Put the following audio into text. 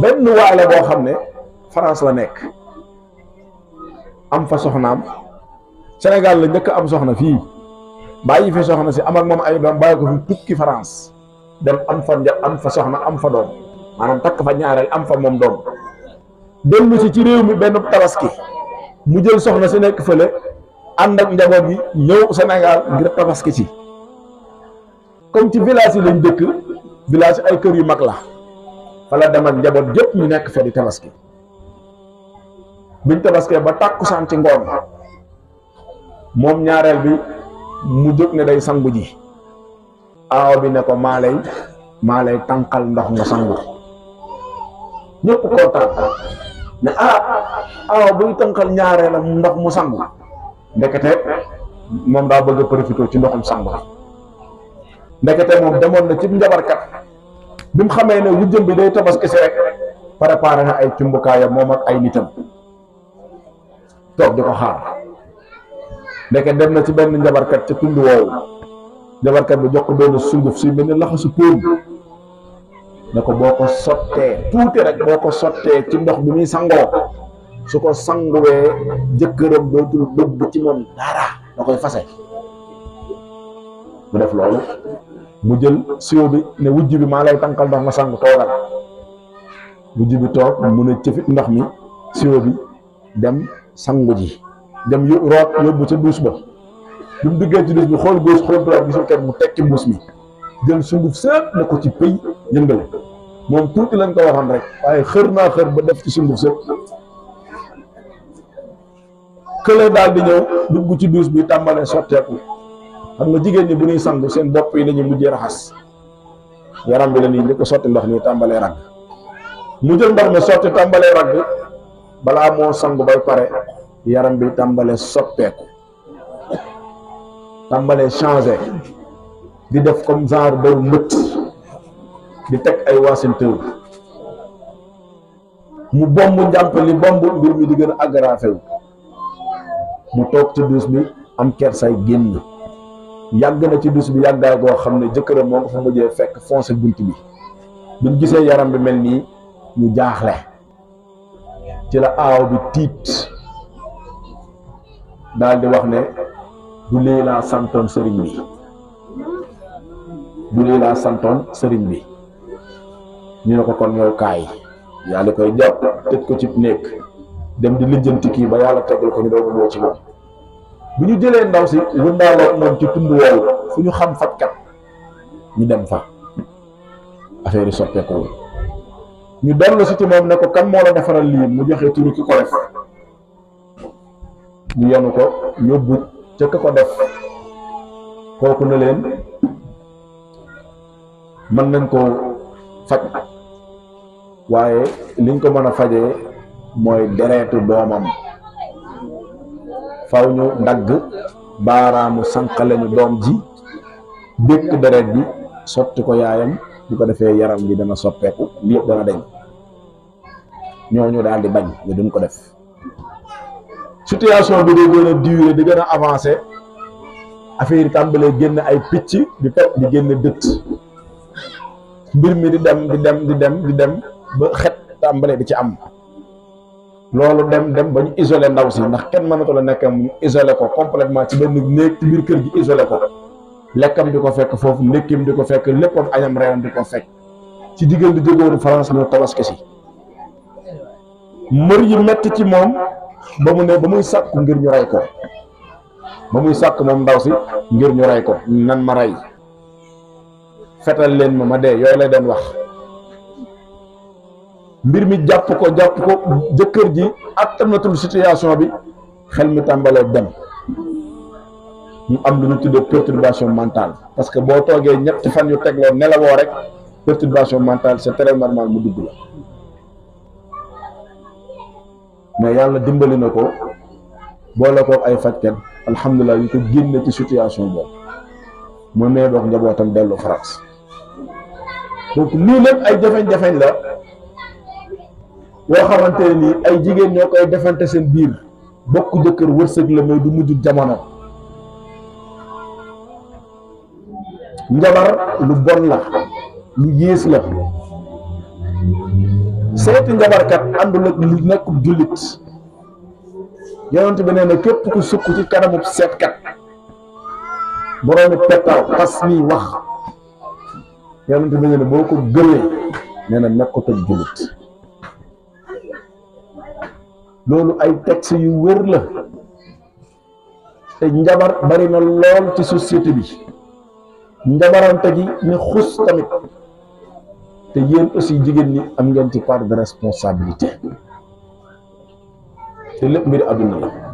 benn waay la boo xam France la nekk am fa soxnaam Sénégal la njëkk am soxna fii bàyyi fi soxna si am ak moom ay doom bàyyi fi tukki France dem am fa nja am fa soxna am fa doom maanaam takk fa ñaareel am fa moom doom dellu si ci réew mi benn tabaski mu jël soxna si nekk fële ànd ak njaboot gi Sénégal ngir tabaski ci comme ci village yi lañ dëkk village ay kër yu mag la fa la dem ak njaboot yëpp ñu nekk fee di tabaski biñ tabaskee ba tàkkusaan ci ngoon moom ñaareel bi mu jóg ne day sangu ji aaw bi ne ko maa lay maa lay tànqal ndox nga sangu ñëpp kontaan ne ah aaw buy tànqal ñaareelam ndox mu sangu ndekete moom daa bëgg a profité ci ndoxum sangu nekete mom demoon na ci njabar kat bim xame ne wujjëm bi day tobas kesse rek préparé na ay cumbukaayam mom ak ay nitam tok diko xaar ndeke dem na ci benn njabarkat ca tund woowu njabarkat bi jox ko sunguf ci ben ni laxasu pour ne boko sotte ko rek boko sotte ci ndox bi muy sangoo su ko jeukeram do tul bëgg ci mom dara nakoy fasé mu def mu jël siwo bi ne wujj bi maa lay tànkal ndox ma sang toogal wujj bi toog mun a cëfit ndox mi siwo bi dem sangu ji dem yób root yóbbu ca duus ba bi mu duggee ci duus bi xool góos xool droit gisul kenn mu tekki mbuus mi jël sunguf sëpp ne ko ci pëy yëngal moom tuuti lañ ko waxoon rek waaye xër naa xër ba def ci sunguf sëpp kële daal di ñëw dugg ci duus bi tàmbalee sotteeku xam nga jigéen ñi bu ñuy sangu seen bop yi lañu mujjé raxas yaram bi lañu ko soti ndox ni tambalé rag mu jël ndox mi soti tambalé rag bala mo sangu bay pare yaram bi soppé ko tambalé changé di def comme genre bo mut di tek ay waasintew mu bombu njàmp li bombu mbir mi di gëna mu tok ci duus bi am kersay genn yàgg na ci dus bi yàggaay boo xam ne jëkkëram moo ko fa mujjee fekk foncé bunt bi biñ gisee yaram bi mel nii ñu jaaxle ci la aaw bi tiit daal di wax ne du lii laa santoon sëriñ bi sëriñ bi ñu ne ko kon yow kaay yàlla koy jàpp tëj ko ci néeg dem di lijjanti ba yàlla tegal ko ñu doog a ci moom. bu ñu jëlee ndaw si wëndaaloog moom ci tundu woowu fu xam fat kat ñu dem fa affaire yi ko ñu dellu si ci mom ne ko kan mo la défaral li mu joxé turu ki ko def ñu yanu ko yóbbu ci ka ko def koku na leen man nañ ko fat waaye liñ ko mëna fajé moy mooy domam faw ñu dagg baaraamu sànqale ñu doom ji békk deret bi sotti ko yaayam bu ko defee yaram bi dama soppeeku lii dana deñ ñooñu daal di bañ ñu duñ ko def situation bi day gën a di gën a avancer affaire yi tàmbalee génn ay picc di topp di génn dëtt mbir mi di dem di dem di dem di dem ba xet tàmbalee di ci am loolu dem dem ba ñu isolé ndaw si ndax kenn mënatu la nekkam mu isolé ko complètement ci benn néeg ci biir kër gi isolé ko lekkam di ko fekk foofu ndékkim di ko fekk léppam añam reeram di ko fekk ci jigéen di jógoon France ñu tabaski si mbër yi metti ci moom ba mu ne ba muy sàkku ngir ñu rey ko ba muy sàkk moom ndaw si ngir ñu rey ko nan ma rey fetal leen ma ma dee yooyu lay doon wax mbir mi japp ko japp ko jeuker ji attanatul situation bi xel mi tàmbalee dem mu am lu ñu perturbation mentale parce que bo toogee ñetti fan yu tegloo nelawo rek perturbation mentale c'est très normal mu dugg la mais yalla dimbali nako ko la ko ay fajkat alhamdullah yu ko génne ci situation bo mo nee dox njabotam delu France donc lii lepp ay jafeñ-jafeñ la yoo xamante ne ay jigéen ñoo koy defante seen biir bokk jëkkër wërsëg la mais du mujj jamono njabar lu bon la lu yées la seeti njabarkat àndul ak lu nekk jullit yonent bi nee na képp ku sukk ci kanamub seetkat boroomi pettaw pas nii wax yonent bi nee boo ko gëmee nee na nekk jullit loolu ay texte yu wér la te njabar bari na lool ci société bi njabarante gi ne xus tamit te yéen aussi jigéen ñi am ngeen ci part de responsabilité te lépp mbiri àdduna la